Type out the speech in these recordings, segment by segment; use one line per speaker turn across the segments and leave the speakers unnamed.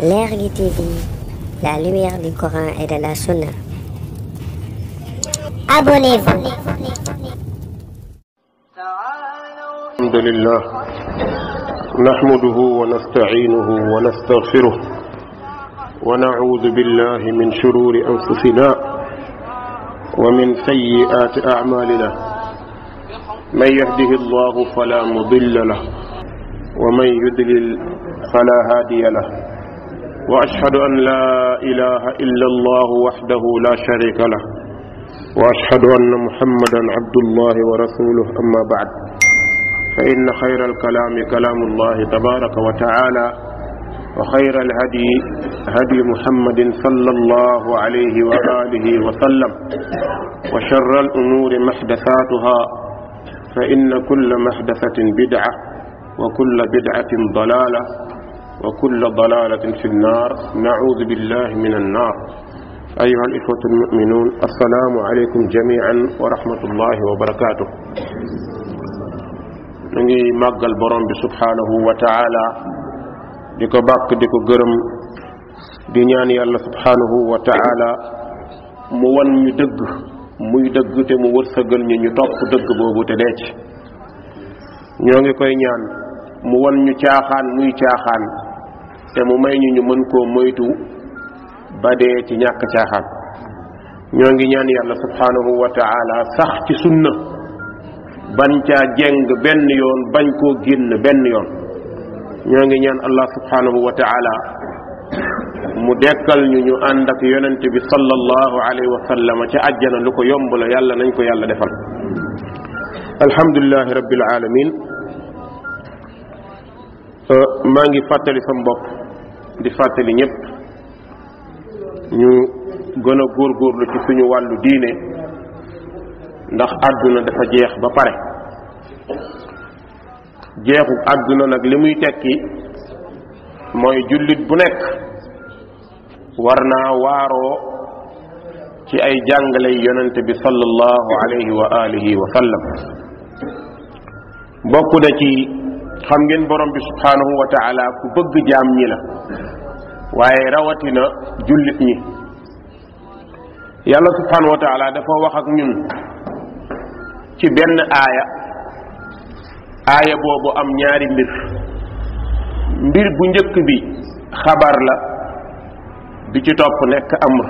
du TV, la lumière du Coran et de la Sunna. Abonnez-vous. الحمد لله نحمده ونستعينه ونستغفره ونعوذ بالله من شرور أنفسنا ومن سيئات أعمالنا من يهده الله فلا مضل له ومن يدلل فلا هادي له وأشهد أن لا إله إلا الله وحده لا شريك له وأشهد أن محمدا عبد الله ورسوله أما بعد فإن خير الكلام كلام الله تبارك وتعالى وخير الهدي هدي محمد صلى الله عليه وآله وسلم وشر الأمور محدثاتها فإن كل محدثة بدعة وكل بدعة ضلالة وكل ضلالة في النار نعوذ بالله من النار أيها الإخوة المؤمنون السلام عليكم جميعا ورحمة الله وبركاته نجي مقل البرم سبحانه وتعالى ديكو باك ديكو قرم دنياني الله سبحانه وتعالى موان يدق muy dëgg te mu wërsëgal ñu ñu topp dëgg boobu te deec ñoo ngi koy ñaan te mu may ñu ñu mën koo moytu ba dee ci ñàkk caaxaan ñoo ngi ñaan yàlla subhanahu wa taala sax ci sunna bañ caa benn yoon bañ koo génn benn yoon ñoo ngi ñaan allah subhanahu wa mu dekkal ñu ñu ànd ak yonent bi sallallahu alayhi wa ci ca àjjana lu ko yomb la yàlla nañ ko yàlla defal alhamdulilahi rabbil alamin euh, maa ngi fàttali sam bopp di fàttali ñëpp ñu gën a góorgóorlu ci suñu wàllu diine ndax àdduna dafa jeex ba pare jeexu àdduna nag li muy tekki mooy jullit bu nekk war naa waaroo ci ay jàngale yonente bi sallallahu alayhi wa wa sallam bokk na ci xam ngeen borom bi subhanahu wa ta'ala ku bëgg jaam ñi la waaye na jullit ñi yàlla subhanahu wa ta'ala dafa wax ak ñun ci benn aaya aaya boobu am ñaari mbir mbir bu njëkk bi xabar la bi ci topp nekk amr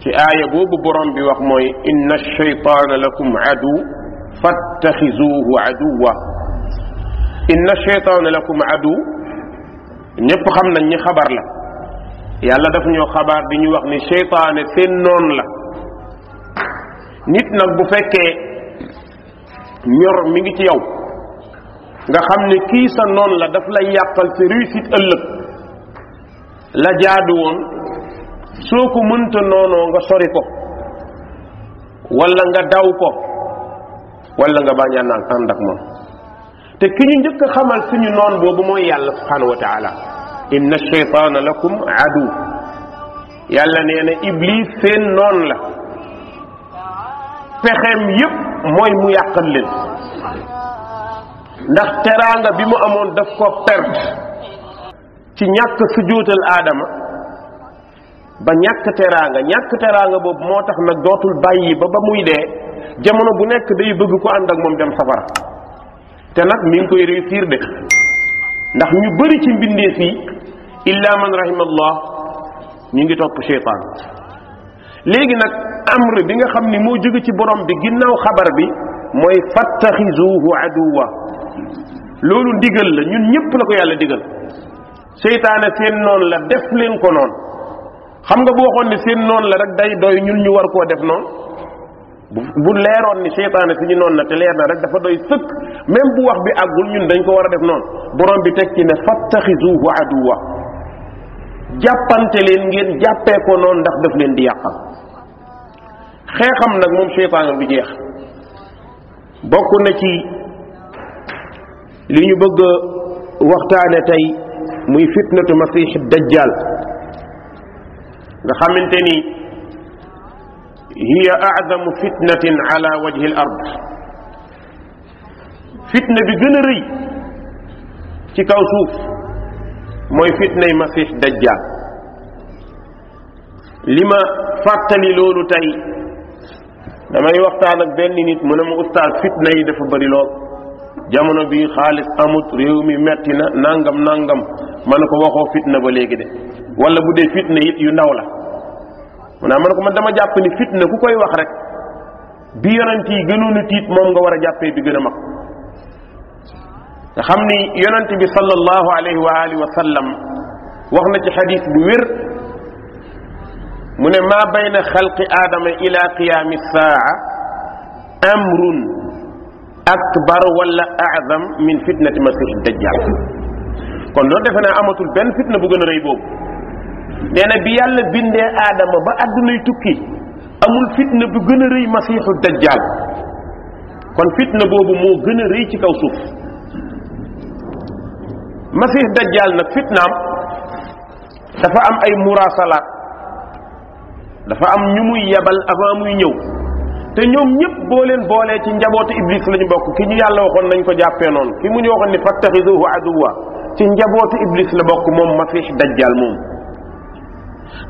ci aaya boobu borom bi wax mooy inna ash shaytaana lakum adu fattaxizuuhu aduwa inna cheytaana lakum adu ñëpp xam nañ ñi xabar la yàlla daf ñoo xabaar bi ñu wax ni cheytaane seen noon la nit nag bu fekkee ñor mi ngi ci yow nga xam ni kii sa noon la daf lay yàqal sa réussite ëllëg la jaadu woon soo ko mënta noonoo nga sori ko wala nga daw ko wala nga bañ a ànd ak moom te ki ñu njëkk a xamal suñu noon boobu mooy yàlla subhanahu wa taala inna shaytaana lakum adu yàlla nee na iblis seen noon la pexeem yépp mooy mu yàqal leen ndax teraanga bi mu amoon daf ko perte ci ñàkk sujjóotal aadama ba ñàkk teraanga ñàkk teraanga boobu moo tax nag dootul bàyyi ba ba muy dee jamono bu nekk day bëgg ko ànd ak moom dem safara te nag mi ngi koy réussir de ndax ñu bari ci mbindeef fii illa man rahimallah ñu ngi topp seytaan léegi nag amr bi nga xam ni moo jóge ci borom bi ginnaw xabar bi mooy fattaxizuhu aduwa loolu ndigal la ñun ñëpp la ko yàlla digal seytaane seen noonu la def leen ko noon xam nga bu waxoon ne seen noonu la day doy ñun ñu war koo def noonu bu leeroon ni seytaane ñu noonu na te leer na rek dafa doy sëkk même bu wax bi àggul ñun dañ ko war a def noonu borom bi teg ci ne fattaxisuhu aduwa jàppante leen ngeen jàppee ko noonu ndax daf leen di yàqal xeexam nag moom seytaane bi jeex bokk na ci li ñu bëgg waxtaane tey muy fitnatu masih dajjal nga xamante ni hiya aadamu fitnatin ala wajhi fitna bi gën a rëy ci kaw suuf mooy fitnay masix dajjal li ma fàttali loolu tey damay waxtaan ak benn nit mu ne ma ustaas fitna yi dafa bari lool jamono bi xaalis amut réew mi metti na nangam nangam ma ne ko waxoo fitna ba léegi de wala bu dee fitna it yu ndaw la mu man ko man dama jàpp ni fitna ku koy wax rek bi yonanti yi gënoonu tiit moom nga wara jappé bi gën mak xamni yonanti bi sallallahu alayhi wa alihi wa sallam waxna ci hadith bu wér mune ma bayna khalqi adama ila qiyamis saa amrun akbar wala a'zam min fitnati masih dajjal kon do defena amatul ben fitna bu gën reey rëy nee bi yàlla bindee aadama ba àddunay tukki amul fitna bu gën a rëy masiixu dajaal kon fitna boobu moo gën a rëy ci kaw suuf masiix dajjaal nag fitnaam dafa am ay murasalaat dafa am ñu muy yebal avant muy ñëw te ñoom ñëpp boo leen boolee ci njabootu iblis lañu bokk ki ñu yàlla waxoon nañ ko jàppee noonu ki mu ñu waxoon ni fattaxiduhu aduwa ci njabootu iblis la bokk moom masiix dajjaal moom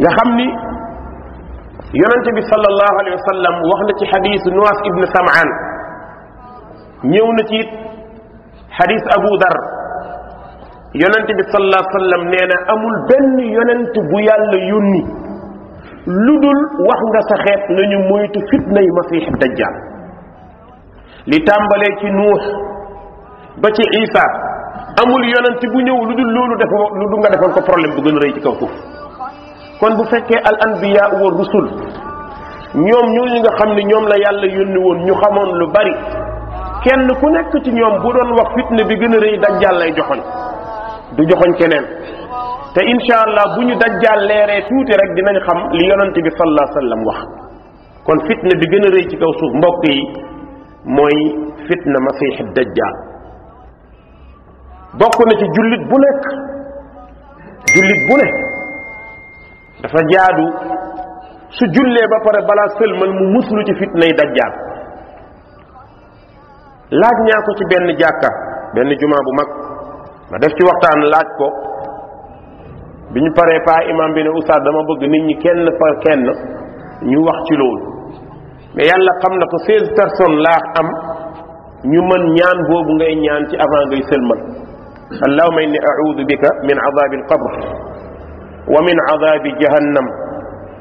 nga xam ni yonente bi sallallahu alayhi wa sallam wax na ci xadiis Nuwas ibn Sam'an ñëw na ci it xadiis Abu Dar yonente bi sallallahu alayhi wa amul benn yonent bu yàlla yónni lu dul wax nga sa xeet nañu moytu fitnay masiix dajjal li tàmbalee ci Nuux ba ci Isa amul yonent bu ñëw lu dul loolu defal lu dul nga defal ko problème bu gën a rëy ci kaw suuf kon bu fekkee al anbiya wa rusul ñoom ñooñu nga xam ne ñoom la yàlla yónni woon ñu xamoon lu bari kenn ku nekk ci ñoom bu doon wax fitna bi gën a rëy dajjal lay joxoñ du joxoñ keneen te insha allah bu ñu dajjal leeree tuuti rek dinañ xam li yonante bi sallallahu alayhi wasallam wax kon fitna bi gën a rëy ci kaw suuf mbokk yi mooy fitna masih dajjal bokk na ci jullit bu nekk jullit bu nekk dafa jaadu su jullee ba pare balaa sëlmal mu muslu ci fitnay dajjaal laaj ñaa ko ci benn jàkka benn jumaa bu mag ma def ci waxtaan laaj ko bi ñu paree paa imam bi ne oustaz dama bëgg nit ñi kenn par kenn ñu wax ci loolu mais yàlla xam na ko seize personnes laa am ñu mën ñaan boobu ngay ñaan ci avant ngay sëlmal allahumma inni a'udhu bika min adhabil qabr ومن عذاب جهنم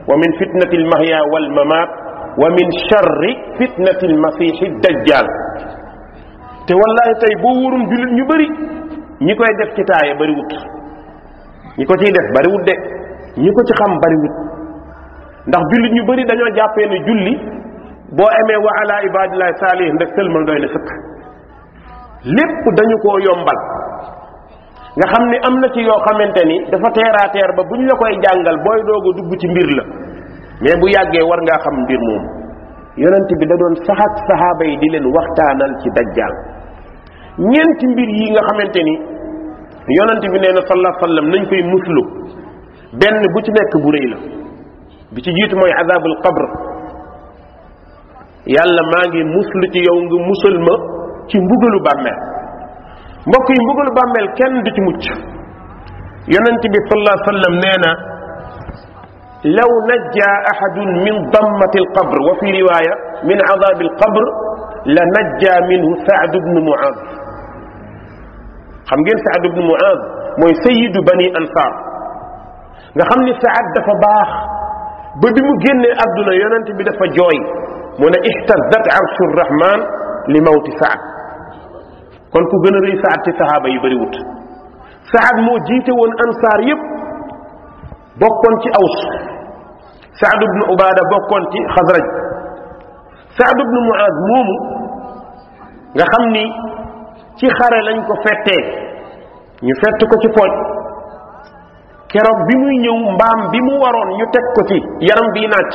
ومن فتنة المهيا والممات ومن شر فتنة المسيح الدجال te wallahi tey boo wóorum julit ñu bëri ñi koy def ci taaye bëriwut ñi ko ciy def bëriwut de ñi ko ci xam bëriwut ndax julit ñu bëri dañoo jàppee ne julli boo amee wa ala ibadillahi salih ndek sëlmal doy na sëkk lépp dañu koo yombal nga xam ni am na ci yoo xamante ni dafa teeraa teer ba bu ñu la koy jàngal booy doog a dugg ci mbir la mais bu yàggee war ngaa xam mbir moom yonant bi da doon sax saxaaba yi di leen waxtaanal ci dajjaal ci mbir yi nga xamante ni yonant bi nee na sallallahu alayhi wasallam nañ koy muslu benn bu ci nekk bu rëy la bi ci jiitu mooy azabul qabr yàlla maa ngi muslu ci yow nga musal ma ci mbugalu bàmmeel mbokk yi mbugalu bàmmeel kenn du ci mucc yonent bi sallallahu alayhi wa sallam nee na law najja ahadun min dammati alqabr wa fi riwaya min adab alqabr la najja minhu sa'd ibn mu'adh xam ngeen sa'd ibn mu'adh mooy sayidu bani ansar nga xam ni saad dafa baax ba bi mu génnee àdduna yonent bi dafa jooy mu ne ihtazat arshu rahman li mawti sa'd kon ku gën a rëy saat ci sahaaba yi bëri wut saat moo jiite woon ansaar yépp bokkoon ci aws saad ibnu ubaada bokkoon ci xasraj saad ibnu muaad moomu nga xam ni ci xare lañ ko fettee ñu fett ko ci pooj keroog bi muy ñëw mbaam bi mu waroon ñu teg ko ci yaram bi naaj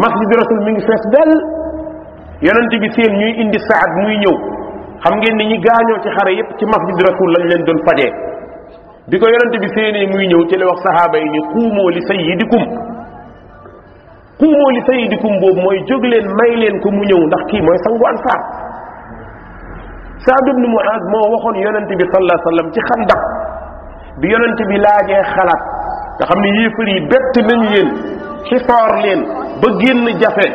masjid rasul mi ngi fees dell yonent bi seen ñuy indi saad muy ñëw xam ngeen ni ñi gaañoo ci xare yépp ci masjid rasul lañ leen doon faje bi ko yonente bi séenee muy ñëw ci la wax sahaaba yi ni xuumoo li sayidikum xuumoo li sayidikum boobu mooy jóg leen may leen ko mu ñëw ndax kii mooy sangu ansaar saad ibnu muaz moo waxoon yonente bi salaa sallam ci xandax bi yonente bi laajee xalaat nga xam ne yéefar yi bett nañ leen ci xisoor leen ba génn jafe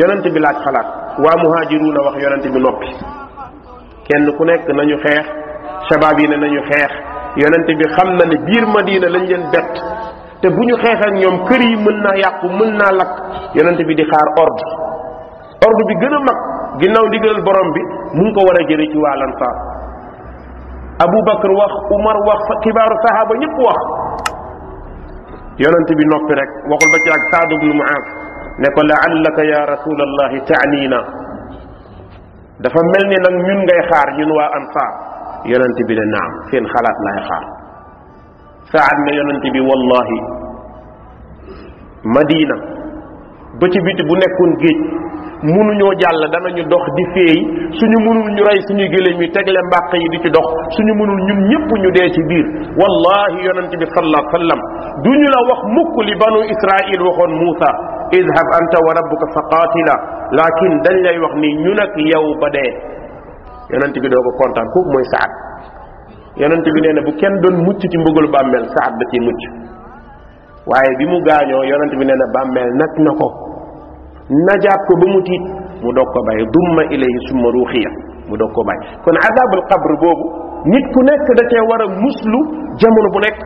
yonente bi laaj xalaat waa muhaajiruuna wax yonente bi noppi kenn ku nekk nañu xeex shabab yi ne nañu xeex yonente bi xam na ne biir madina lañ leen bett te bu ñu xeex ak ñoom kër yi mën naa yàqu mën naa lakk yonente bi di xaar ordre ordre bi gën a mag ginnaaw ndigalal borom bi mu ngi ko war a jëre ci waa abou bakr wax umar wax kibaaru sahaba ñëpp wax yonente bi noppi rek waxul ba ci ak saadu bnu muaas ne ko laallaka ya rasulallah taaniina dafa mel ni nag ñun ngay xaar ñun waa ansaar yonent bi ne naam seen xalaat laay xaar saad ne yonent bi wallahi madina ba ci biti bu nekkoon géej munuñoo jàll danañu dox di feey suñu mënul ñu rey suñu gélé yi tegle mbàq yi di ci dox suñu mënul ñun ñëpp ñu dee ci biir wallahi yonent bi sallallahu alayhi wasallam duñu la wax mukk li banu israil waxoon muusa idhab anta wa rabbuka faqatila laakin dañ lay wax ni ñu ak yow ba dee yonent bi doo ko kontaan kooku mooy saad yonent bi nee na bu kenn doon mucc ci mbugalu bàmmeel saad da ciy mucc waaye bi mu gaañoo yonent bi nee na bàmmeel nag na ko najaat ko ba mu tiit mu dog ko bàyyi dumma ilayhi summa ruuxiya mu doog ko bàyyi kon adabul qabr boobu nit ku nekk da cee war a lu jamono bu nekk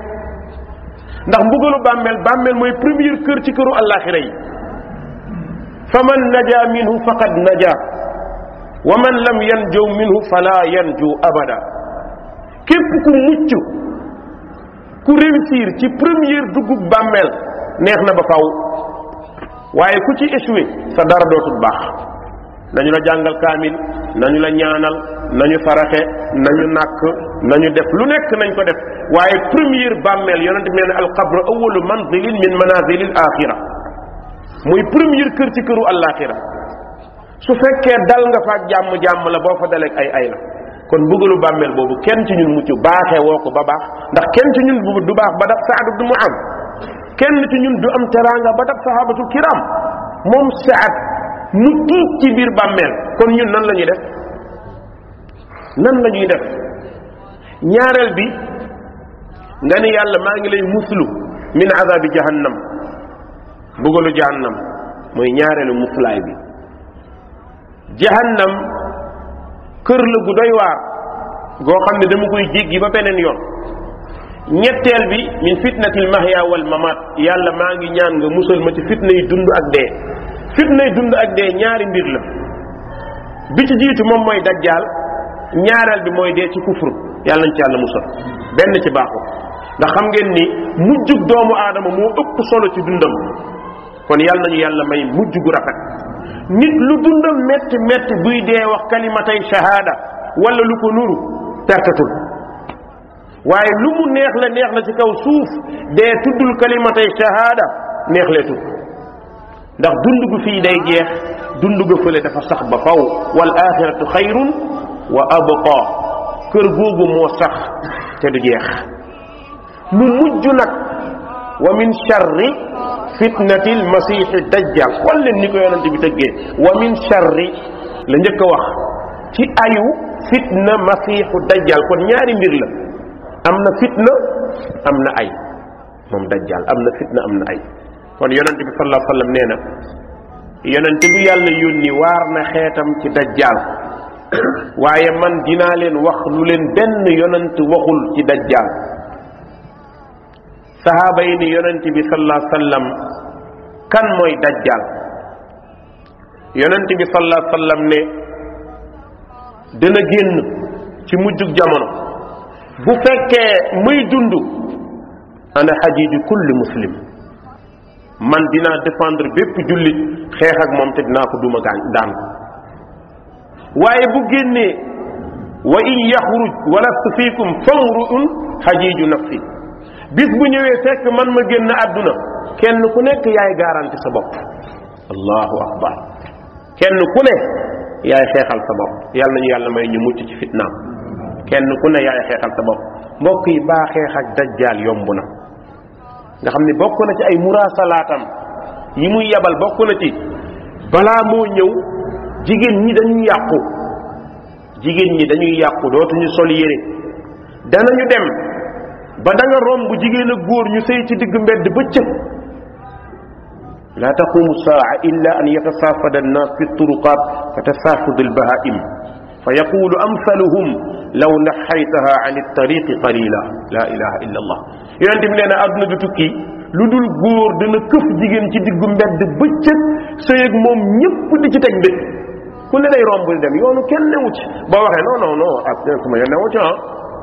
ndax mbugalu bàmmeel bàmmeel mooy premier kër ci këru allaaxira yi fa man naja minhu faqad naja wa man lam yanju minhu fala yanju abada képp ku mucc ku réussir ci première dugub bàmmeel neex na ba faw waaye ku ci échoué sa dara dootul baax nañu la jàngal kaamil nañu la ñaanal nañu saraxe nañu nàkk nañu def lu nekk nañ ko def waaye première bàmmeel yonent mel ne alqabru awalu manzilin min manazilil axira mooy premier kër ci këru àllaaxira su fekkee dal nga fa ak jàmm jàmm la boo fa daleeg ay ay la kon bëggalu bàmmeel boobu kenn ci ñun mucc baaxee woo ko ba baax ndax kenn ci ñun du baax ba dab saadu du mu am kenn ci ñun du am teraanga ba dab sahabatul kiram moom saad nu tiit ci biir bàmmeel kon ñun nan la ñuy def nan la ñuy def ñaareel bi nga ni yàlla maa ngi lay muslu min azabi jahannam mbugalu jahannam mooy ñaareelu mukkulaay bi jahannam kër la gu doy waar goo xam ne dama koy jéggi ba beneen yoon ñetteel bi min fitnatil mahya wal yàlla maa ngi ñaan nga musal ma ci fitna yi dund ak dee fitna yi dund ak dee ñaari mbir la bi ci jiitu moom mooy dajjaal ñaareel bi mooy dee ci kufur yàlla nañ ci yàlla musal benn ci baaxul ndax xam ngeen ni mujjug doomu aadama moo ëpp solo ci dundam kon yàlla ñu yàlla may mujj gu rafet nit lu dundam metti metti buy dee wax kalimatay shahada wala lu ko nuru pertatul waaye lu mu neex la neex la ci kaw suuf dee tuddul kalimatay shahada neex leetul ndax dund gu fii day jeex dund gu fële dafa sax ba faw wal axiratu xayrun wa abqa kër googu moo sax te du jeex mu mujj nag ومن شر فتنة المسيح الدجال كل النيكو يا نتي بتجي ومن شر لنجك واخ تي أيو فتنة مسيح الدجال كون ياري مير أمنا فتنة أمنا أي مم دجال أمنا فتنة أمنا أي كون يا نتي صلى الله عليه وسلم نينا يا نتي بيا يوني وارنا خيتم تي دجال waaye man dinaa leen wax lu leen benn yonant waxul ci dajjal sahaaba yi ne yonent bi sallallahu alayhi wasallam kan mooy dajjal yonent bi sallallahu alayhi wasallam ne dana génn ci mujjug jamono bu fekkee muy dund ana xajiiju kulli muslim man dinaa défendre bépp jullit xeex ak moom te dinaa ko duma gaañ daan ko waaye bu génnee wa in yaxruj walastu fiikum famruun xajiiju nafsi bis bu ñëwee fekk man ma génn àdduna kenn ku nekk yaay garanti sa bopp allahu akbar kenn ku ne yaay xeexal sa bopp yàlla ñu yàlla may ñu mucc ci fitnaam kenn ku ne yaay xeexal sa bopp mbokk yi baa xeex ak dajjaal yomb na nga xam ne bokk na ci ay muraasalaatam yi muy yabal bokk na ci balaa moo ñëw jigéen ñi dañuy yàqu jigéen ñi dañuy yàqu dootuñu sol yére ñu dem ba da nga romb jigéen ak góor ñu sëy ci digg mbedd bëccëg la taqumu saa illa an yatasafada annas fi turuqat fatasafud albahaim فيقول أمثلهم لو نحيتها عن الطريق قليلا لا إله إلا الله يعني من أنا أدنى تكي lu dul góor dana këf jigéen ci diggu mbedd bëccëg sëy ak moom ñëpp di ci teg bët ku ne day romb dem yoonu kenn newu ci boo waxee non non non ak sama yoon newu ci ah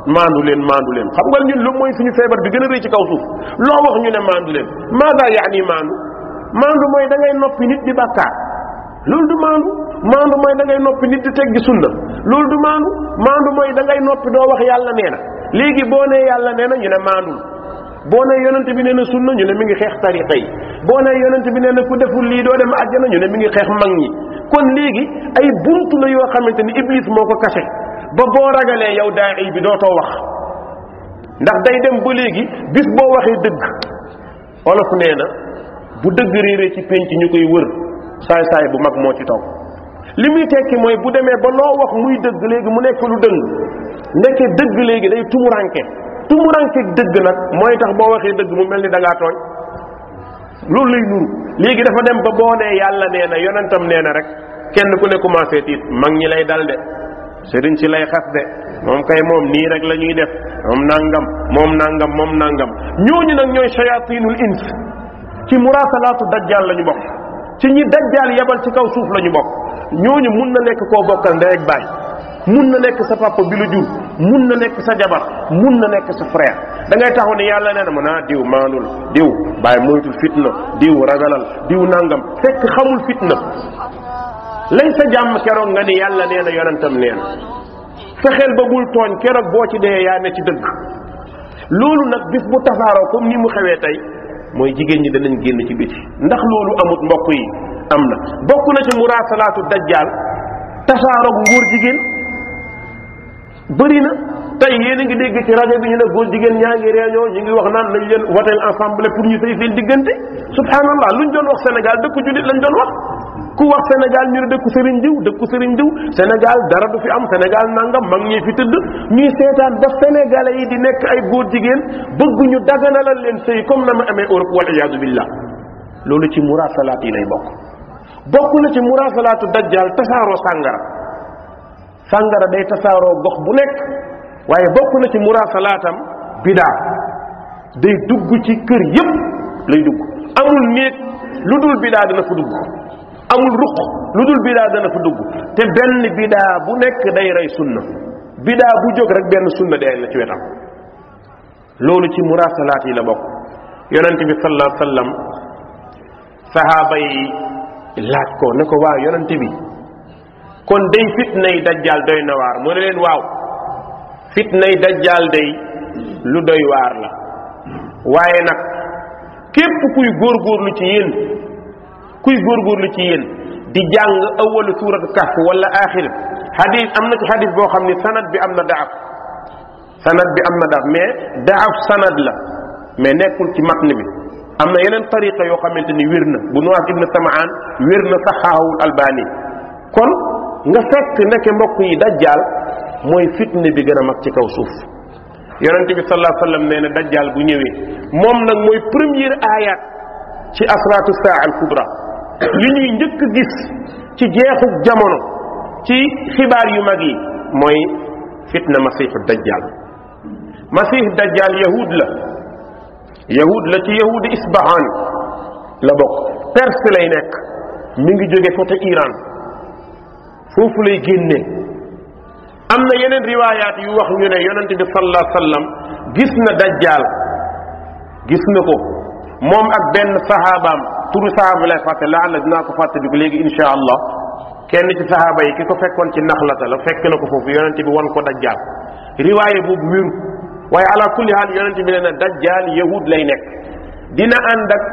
maandu leen maandu leen xam nga ñun lu mooy suñu feebar bi gën a rëy ci kaw suuf loo wax ñu ne maandu leen maada yaani maandu maandu mooy dangay ngay noppi nit di bàkkaar loolu du maandu maandu mooy da ngay noppi nit di teg gi sunna loolu du maandu maandu mooy da ngay noppi doo wax yàlla nee na léegi boo nee yàlla nee na ñu ne maandul boo nee yonent bi nee na sunna ñu ne mi ngi xeex tariqa yi boo nee yonent bi nee na ku deful lii doo dem àjjana ñu ne mi ngi xeex mag ñi kon léegi ay buntu la yoo xamante ni iblis moo ko kase ba boo ragalee yow daay bi dootoo wax ndax day dem ba léegi bis boo waxee dëgg olof nee na bu dëgg réeree ci penc ñu koy wër saay saay bu mag moo ci toog li muy tekki mooy bu demee ba loo wax muy dëgg léegi mu nekk lu dëng ndekke dëgg léegi day tumuranke tumuranke dëgg nag mooy tax boo waxee dëgg mu mel ni da ngaa tooñ loolu lay nuru léegi dafa dem ba boo nee yàlla nee na yonantam nee na rek kenn ku ne commencé tiit mag ñi lay dal de sëriñ si lay xas de moom kay moom nii rek la ñuy def moom nangam moom nangam moom nangam ñooñu nag ñooy shayatinul ins ci murasalaatu dajjal la ñu bokk ci ñi dajjal yebal ci kaw suuf la ñu bokk ñooñu mun na nekk koo bokkal ndey ak baay mun na nekk sa papa bi lu jur mun na nekk sa jabar mun na nekk sa frère da ngay taxaw ne yàlla nee na mën a diw maanul diw bàyyi moytul fitna diw ragalal diw nangam fekk xamul fitna laysa jàmm keroog nga ni yàlla nee na yonentam nee na fexeel ba bul tooñ keroog boo ci dee yaa ne ci dëgg loolu nag bis bu tasaaroo comme ni mu xewee tey mooy jigéen ñi danañ génn ci biti ndax loolu amut mbokk yi am na bokk na ci murasalaatu dajjaal tasaaroog nguur jigéen bëri na tey yéen a ngi dégg ci rajo bi ñu ne góor jigéen ñaa ngi réunion ñu ngi wax naan nañ leen votel ensemble pour ñu sëy seen diggante subhanallah luñ doon wax sénégal dëkk julit lañ doon wax ku wax Sénégal ñu ne dëkku sëriñ diw dëkku sëriñ diw Sénégal dara du fi am senegal nangam mag ñi fi tëdd ñuy seetaan ba sénégalais yi di nekk ay góor jigéen bëgg ñu daganalal leen sëy comme na ma amee Europe wal iyaadu billah loolu ci murasalaat yi lay bokk bokk na ci murasalaatu dajjal tasaaroo sàngara sàngara day tasaaroo gox bu nekk waaye bokk na ci murasalaatam bidaa day dugg ci kër yépp lay dugg amul néeg lu dul bidaa dina fa dugg amul ruq lu dul bidaa dana fa dugg te benn bidaa bu nekk day rey sunna bidaa bu jóg rek benn sunna day la ci wetam loolu ci murasalaat yi la bokk yonent bi sallallahu alayhi wasallam ko ne ko waaw bi kon day fitnay dajjaal doy na waar mu ne leen waaw fitnay dajjaal day lu doy waar la waaye nag képp kuy góorgóorlu ci yéen كوي غور غور لتيين دي جانغ أول سورة الكهف ولا آخر حديث أمنا حديث بو خمني سند بأمنا دعف سند بأمنا دعف مي دعف سند لا مي نيكول تي متن بي أمنا يلن طريقة يو خمني تني ويرنا بنواك ابن تمعان ويرنا صحاه الألباني كون نفك نك مكوي دجال موي فتن بي غير مكتك وصوف يرنتي بي صلى الله عليه وسلم نينا دجال بنيوي مومنا موي پريمير آيات تي أسرات الساعة الكبرى li ñuy njëkk gis ci jeexuk jamono ci xibaar yu mag yi mooy fitna masiixu dajaal masiix dajjal yahud la yahud la ci yahudi isbahan la bokk perse lay nekk mi ngi jóge côté Iran foofu lay génnee am na yeneen riwaayaat yu wax ñu ne yonent bi sallallahu alayhi wasallam gis na dajjal gis na ko moom ak benn sahabaam turu saxaaba lay fàtte laana dinaa ko fàttaliku léegi insha allah kenn ci saxaaba yi ki ko fekkoon ci naxlata la fekk na ko foofu yonente bi wan ko dajjaal riwaaye boobu wéru waaye ala kulli haal yonente bi nee na dajjaal yahud lay nekk dina ànd ak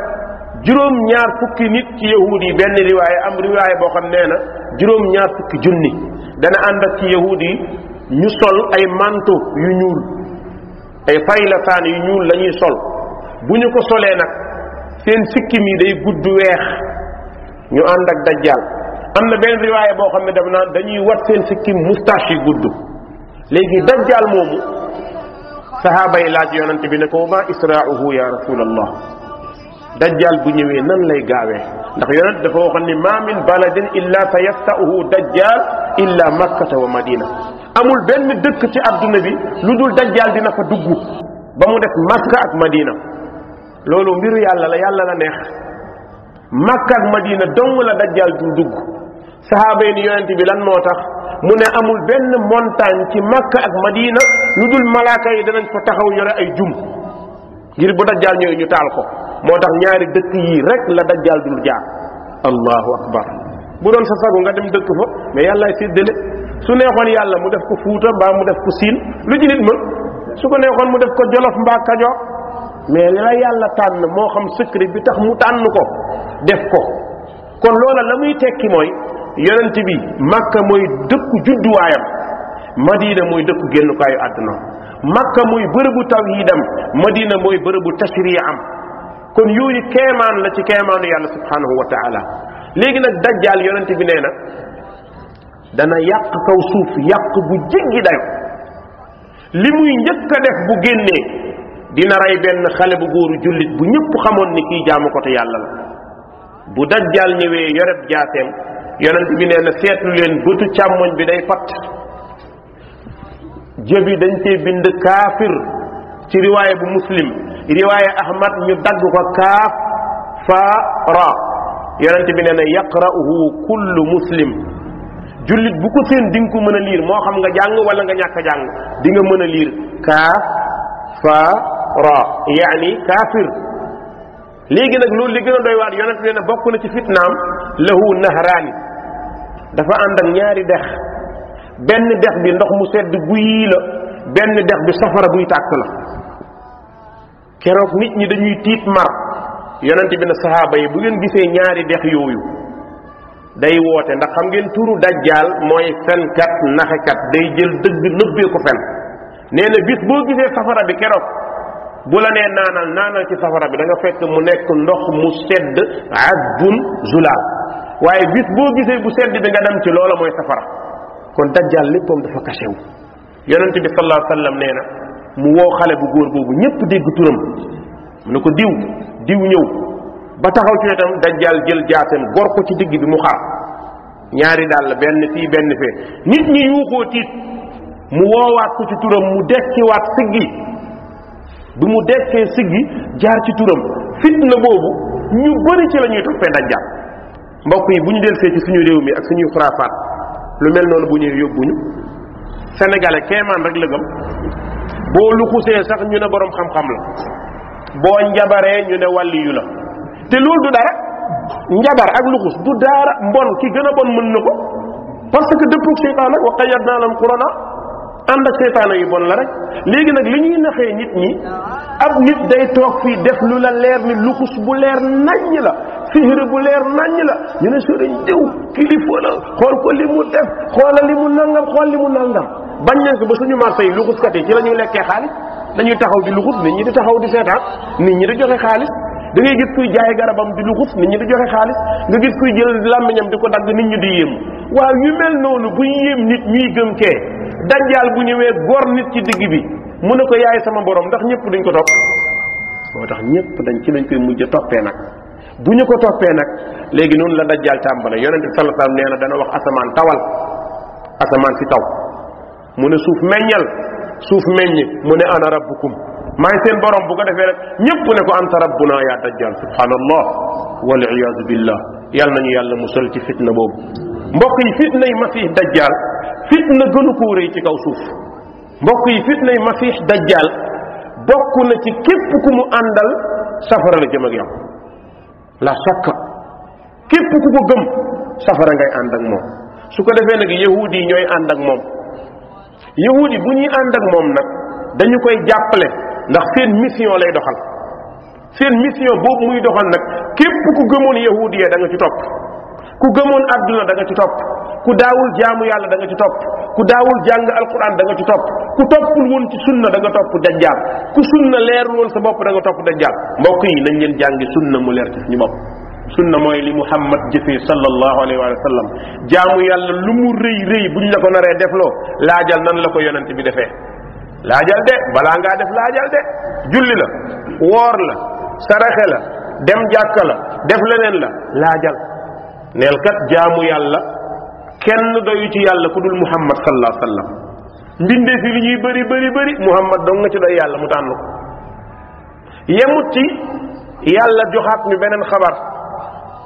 juróom ñaar fukki nit ci yahud yi benn riwaaye am riwaaye boo xam nee na juróom ñaar fukki junni dana ànd ak ci yahud yi ñu sol ay manteau yu ñuul ay faylataan yu ñuul la ñuy sol bu ñu ko solee nag seen sikki mi day gudd weex ñu ànd ak dajjal am na benn riwaaye boo xam ne daf naan dañuy wat seen sikki moustache yi gudd léegi dajjal moomu sahaba yi laaj yonent bi ne ko ma israuhu ya rasul allah dajjal bu ñëwee nan lay gaawee ndax yonent dafa waxoon ni ma min baladin illa sa dajjal illa makkata wa madina amul benn dëkk ci àdduna bi lu dul dajjal dina fa dugg ba mu def makka ak madina lolu mbiru yàlla la yàlla la neex makka ak madina dong la dajjal du dug sahaaba yi ni yonente bi lan motax mune amul ben montagne ci makka ak madina ludul malaika yi danañ fa taxaw yore ay jum ngir bu dajjal ñoy ñu tal ko motax ñaari dëkk yi rek la dajjal du jaar allahu akbar bu don sa sagu nga dem dëkk fa mais yalla ci dele su neexon yàlla mu def ko fouta ba mu def ko sin lu ci nit ma su ko neexon mu def ko jolof mba kajoor mais li la yàlla tànn moo xam secret bi tax mu tànn ko def ko kon loola la muy tekki mooy yonent bi makka mooy dëkku judduwaayam madina mooy dëkku génnukaayu àdduna makka mooy bërëbu tawhidam madina mooy bërëbu am kon yooyu keemaan la ci keemaanu yàlla subhanahu wa léegi nag dajjaal yonent bi nee na dana yàq kaw suuf yàq bu jéggi dayo li muy njëkk a def bu génnee dina rey benn xale bu góoru jullit bu ñëpp xamoon ni kii jaamu ko te yàlla la bu dajjaal ñëwee yoreb jaaseem yonent bi nee na seetlu leen bëtu càmmoñ bi day fatt jëbi dañ cee bind kaafir ci riwaaya bu muslim riwaaya ahmad ñu dagg ko kaaf fa ra yonent bi nee na yaqra'uhu kullu muslim jullit bu ko seen di ko mën a liir moo xam nga jàng wala nga ñàkk a jàng di mën a liir kaaf kafaara yaani kaafir léegi nag loolu li gën a doy yonent bi ne bokk na ci fitnaam lahu nahraani dafa ànd ak ñaari dex benn dex bi ndox mu sedd guyi la benn dex bi safara buy tàkk la keroog nit ñi dañuy tiit mar yonent bi ne sahaaba yi bu ngeen gisee ñaari dex yooyu day woote ndax xam ngeen turu dajjaal mooy fenkat naxekat day jël dëgg nëbbee ko fen nee na bis boo gisee safara bi keroog bu la nee naanal naanal ci safara bi danga nga fekk mu nekk ndox mu sedd azbun zulaal waaye bis boo gisee bu sedd bi nga dem ci loola mooy safara kon dajjal léppam dafa kasew yonent bi sallallahu alayhi nee na mu woo xale bu góor boobu ñépp dégg turam mu ne ko diw diw ñëw ba taxaw ci wetam dajjal jël jaatam gor ko ci digg bi mu xar ñaari dàll benn fii benn fee nit ñi yuuxoo tiit mu woowaat ko ci turam mu dekkiwaat siggi bi mu dekkee siggi jaar ci turam fitna boobu ñu bëri ci la ñuy toppee dajjal mbokk yi bu ñu delsee ci suñu réew mi ak suñuy xuraafaat lu mel noonu bu ñuy ñu sénégalais kéemaan rek la gëm boo luxusee sax ñu ne boroom xam-xam la boo njabaree ñu ne wàlliyu la te loolu du dara njabar ak luxus du dara mbon ki gën a bon mën na ko parce que dëppug seytaan nag wa qayyadna lahum qurana ànd ak seytaane yu bon la rek léegi nag li ñuy naxee nit ñi ab nit day toog fii def lu la leer ni luxus bu leer naññ la sihir bu leer naññ la ñu ne sëriñ diw kilifa la xool ko li mu def xoola li mu nangam xool li mu nangam bañ nañ ko ba suñu marché yi luxuskat yi ci la ñuy lekkee xaalis dañuy taxaw di luxus nit ñi di taxaw di seetaan nit ñi di joxe xaalis da ngay gis kuy jaay garabam di lu xuf nit ñi di joxe xaalis nga gis kuy jël làmmiñam di ko dagg nit ñi di yëm waaw yu mel noonu bu yëm nit ñuy gëm kee dajjaal bu ñëwee gor nit ci digg bi mu ne ko yaay sama borom ndax ñëpp duñ ko topp moo tax ñëpp dañ ci lañ koy mujj toppee nag bu ñu ko toppee nag léegi noonu la dajjaal tàmbale yonent bi sallallahu alayhi wasallam nee na dana wax asamaan tawal asamaan si taw mu ne suuf meññal suuf meññ mu ne ana rabbukum maay seen borom bu ko defee rek ñëpp ne ko anta rabbuna yaa dajjal subhaanallah wal iyaadu billah yàlla nañu yàlla musal ci fitna boobu mbokk yi fitnay masiix dajjal fitna gënu koo rëy ci kaw suuf mbokk yi fitnay masiix dajjal bokk na ci képp ku mu àndal safara la jëm ak yow la sakka képp ku ko gëm safara ngay ànd ak moom su ko defee nag yahuud yi ñooy ànd ak moom yahuud yi bu ñuy ànd ak moom nag dañu koy jàppale ndax seen mission lay doxal seen mission boobu muy doxal nag képp ku gëmoon yahudiya da nga ci topp ku gëmoon adduna da nga ci topp ku daawul jaamu yàlla da nga ci topp ku daawul jàng alquran da nga ci topp ku toppul woon ci sunna da nga topp dajjaal ku sunna leer woon sa bopp da nga topp dajjaal mbokk yi nañ leen jàngi sunna mu leer ci suñu bopp sunna mooy li mu muhammad jëfee sallallahu alayhi wa sallam jaamu yàlla lu mu rëy rëy bu ñu la ko naree defloo laajal nanu la ko yonent bi defee laajal de balaa ngaa def laajal de julli la woor la saraxe la dem jàkka la def leneen la laajal neel kat jaamu yàlla kenn doyu ci yàlla ku dul muhammad sallallahu alaihi wasallam mbinde fi li ñuy bari bëri bëri muhammad dong nga ci doy yàlla mu tànn ko yemut ci yàlla joxaat ñu beneen xabar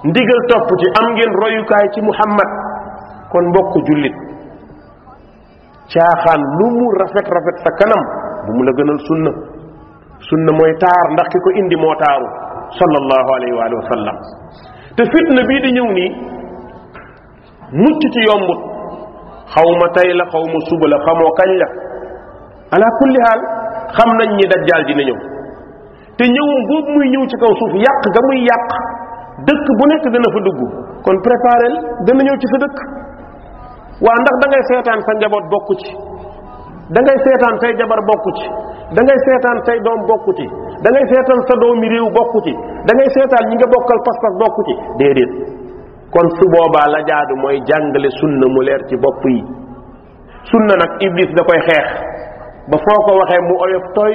ndigal topp ci am ngeen royukaay ci muhammad kon mbokk jullit caaxaan lu mu rafet rafet sa kanam bu mu la gënal sunna sunna mooy taar ndax ki ko indi moo taaru sallallahu alayhi wa sallam te fitna bii di ñëw nii mucc ci yombut xaw ma tey la xaw ma suba la xamoo kañ la ala kulli haal xam nañ ni dajjaal dina ñëw te ñëwum boobu muy ñëw ci kaw suuf yàq ga muy yàq dëkk bu nekk dana fa dugg kon préparel dana ñëw ci sa dëkk waa ndax dangay seetaan sa njaboot bokku ci da ngay seetaan say jabar bokku ci da ngay seetaan say doom bokku ci dangay ngay seetaan sa doomi réew bokku ci dangay ngay seetaan ñi nga bokkal pas-pas bokku ci déedéet kon su boobaa la jaadu mooy jàngale sunna mu leer ci bopp yi sunna nag iblis da koy xeex ba foo ko waxee mu oyof toy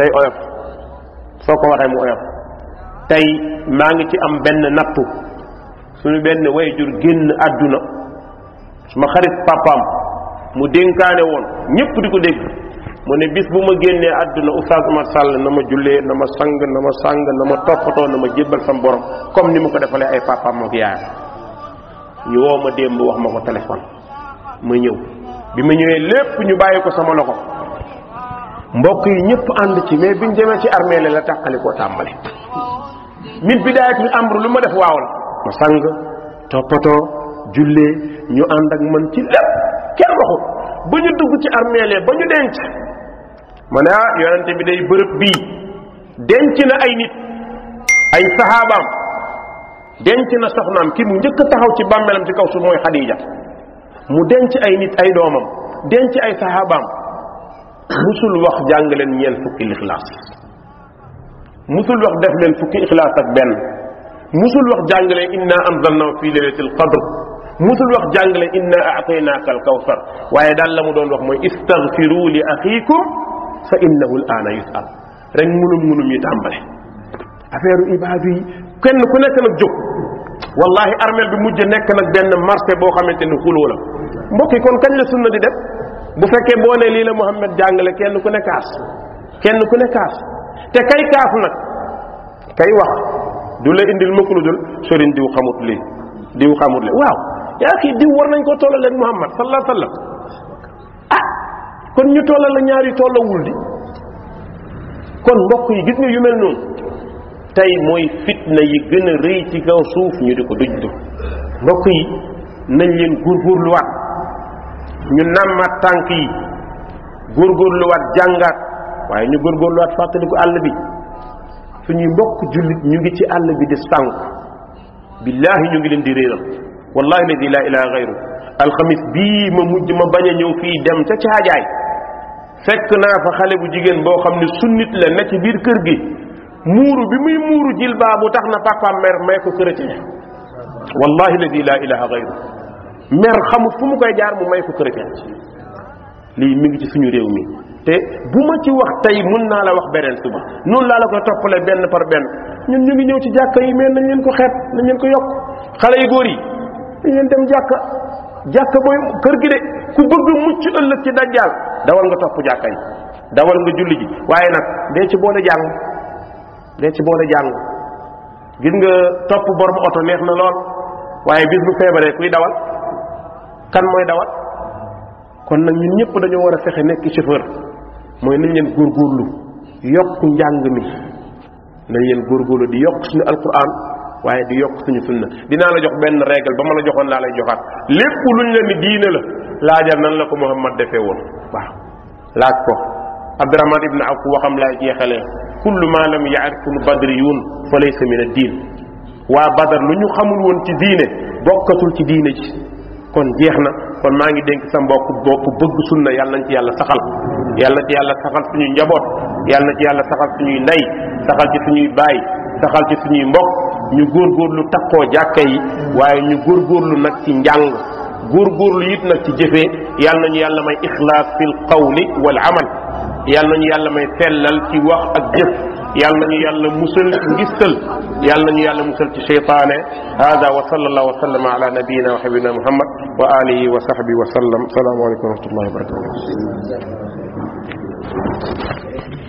day oyof foo ko waxee mu oyof tey maa ngi ci am benn nattu suñu benn way jur génn àdduna suma xarit papaam mu dénkaane woon ñëpp di ko dégg mu ne bis bu ma génnee àdduna oustaz ma Sall na ma jullee na ma sang na ma sang na ma toppatoo na ma jébbal sama borom comme ni ma ko defalee ay papaam mook yaayam ñu woo ma démb wax ma ko téléphone ma ñëw bi ma ñëwee lépp ñu bàyyi ko sama loxo mbokk yi ñëpp ànd ci mais biñ demee ci armée la la tàqali koo tàmbali min bidaayat min amru lu ma def waaw ma sang toppatoo julle ñu ànd ak man ci lépp kenn waxut ba ñu dugg ci armeele ba ñu denc mané ne yonente bi day bërepp bi denc na ay nit ay sahabaam denc na soxnam ki mu ñëk taxaw ci bàmmeelam ci kaw su moy khadija mu denc ay nit ay domam denc ay sahabaam musul wax jàng leen ñeen fukki ikhlas musul wax def leen fukki ikhlas ak ben musul wax jàng leen inna anzalnahu fi laylatil qadr musul wax jàngale inna a'taynaka al-kawthar waye dal lamu don wax moy istaghfiru li akhikum fa innahu al-ana yus'al rek munum munum yi tàmbale affaire ibadi kenn ku nek nak jóg wallahi armel bi mujj nek nak ben marché bo xamanteni ni la mbokki kon kañ la sunna di def bu fekke boo ne lii la muhammad jàngale kenn ku nek kaas kenn ku nek kaas te kay kaas nak kay wax dula indil makludul serigne dul sëriñ diw xamut lii diw xamut lii waaw yaa kii diw war nañ koo tollal ak Muhammad sallallahu alayhi wa ah kon ñu tollal la ñaari tollawul di kon mbokk yi gis nga yu mel noonu tey mooy fitna yi gën a rëy ci kaw suuf ñu di ko duj du mbokk yi nañ leen góorgóorluwaat ñu nàmmaat tànk yi góorgóorluwaat jàngaat waaye ñu góorgóorluwaat fàttaliku àll bi suñuy mbokk jullit ñu ngi ci àll bi di sànku billaahi ñu ngi leen di réeral wallahi ladi la ilaha gayru alxamis bii ma mujj ma bañ a ñëw fii dem ca caajaay fekk naa fa xale bu jigéen boo xam ne sunnit la na ci biir kër gi muuru bi muy muuru jilbaa bu tax na papaam mer may ko chrétien wallahi ladi la ilaha gayru xamut fu mu koy jaar mu may ko chrétien ngi ci suñu réew mi te bu ma ci wax tey mun naa la wax beneen suba noonu laa la koy toppale benn par benn ñun ñu ngi ñëw ci jàkka yi mais nañ leen ko xeeb nañ leen ko yokk xale yu góor yi da dem jàkka jàkka booy kër gi de ku bëgg mucc ëllëg ci dajjaal dawal nga topp jàkka yi dawal nga julli ji waaye nag dee ci boole jàng dee ci boole jàng gis nga topp borom oto neex na lool waaye bis bu feebaree kuy dawal kan mooy dawal kon nag ñun ñëpp dañoo war a fexe nekk chauffeur mooy nañ leen góorgóorlu yokk njàng mi nañ leen góorgóorlu di yokk suñu alquran waye di yok suñu sunna dina la jox ben règle ba ma la joxon la lay joxat lépp luñ la ni diina la la jar nan la ko muhammad defé won wa la ko abdurrahman ibn awf waxam laay jeexalee kullu ma lam ya'rifu badriyun fa laysa min ad-din wa badar luñu xamul won ci diine bokatul ci diine ci kon jeexna kon ma ngi dénk sa mbokk bokk bëgg sunna yàlla nañ ci yàlla saxal yàlla ci yàlla saxal suñu njabot yàlla ci yàlla saxal suñu nday saxal ci suñu bay saxal ci suñu mbokk ñu góorgóorlu takkoo jàkka yi waaye ñu góorgóorlu nag ci njàng góorgóorlu it nag ci jëfe yàlla nañu yàlla may ixlaas fil qawli wal amal yàlla nañu yàlla may sellal ci wax ak jëf yàlla nañu yàlla musal ci ngistal yàlla nañu yàlla musal ci cheytaane hada wa sallallahu wa sallama ala nabiyina wa habibina muhammad wa alihi wa sahbihi wa sallam salaamu alaykum wa rahmatullahi wa barakatuh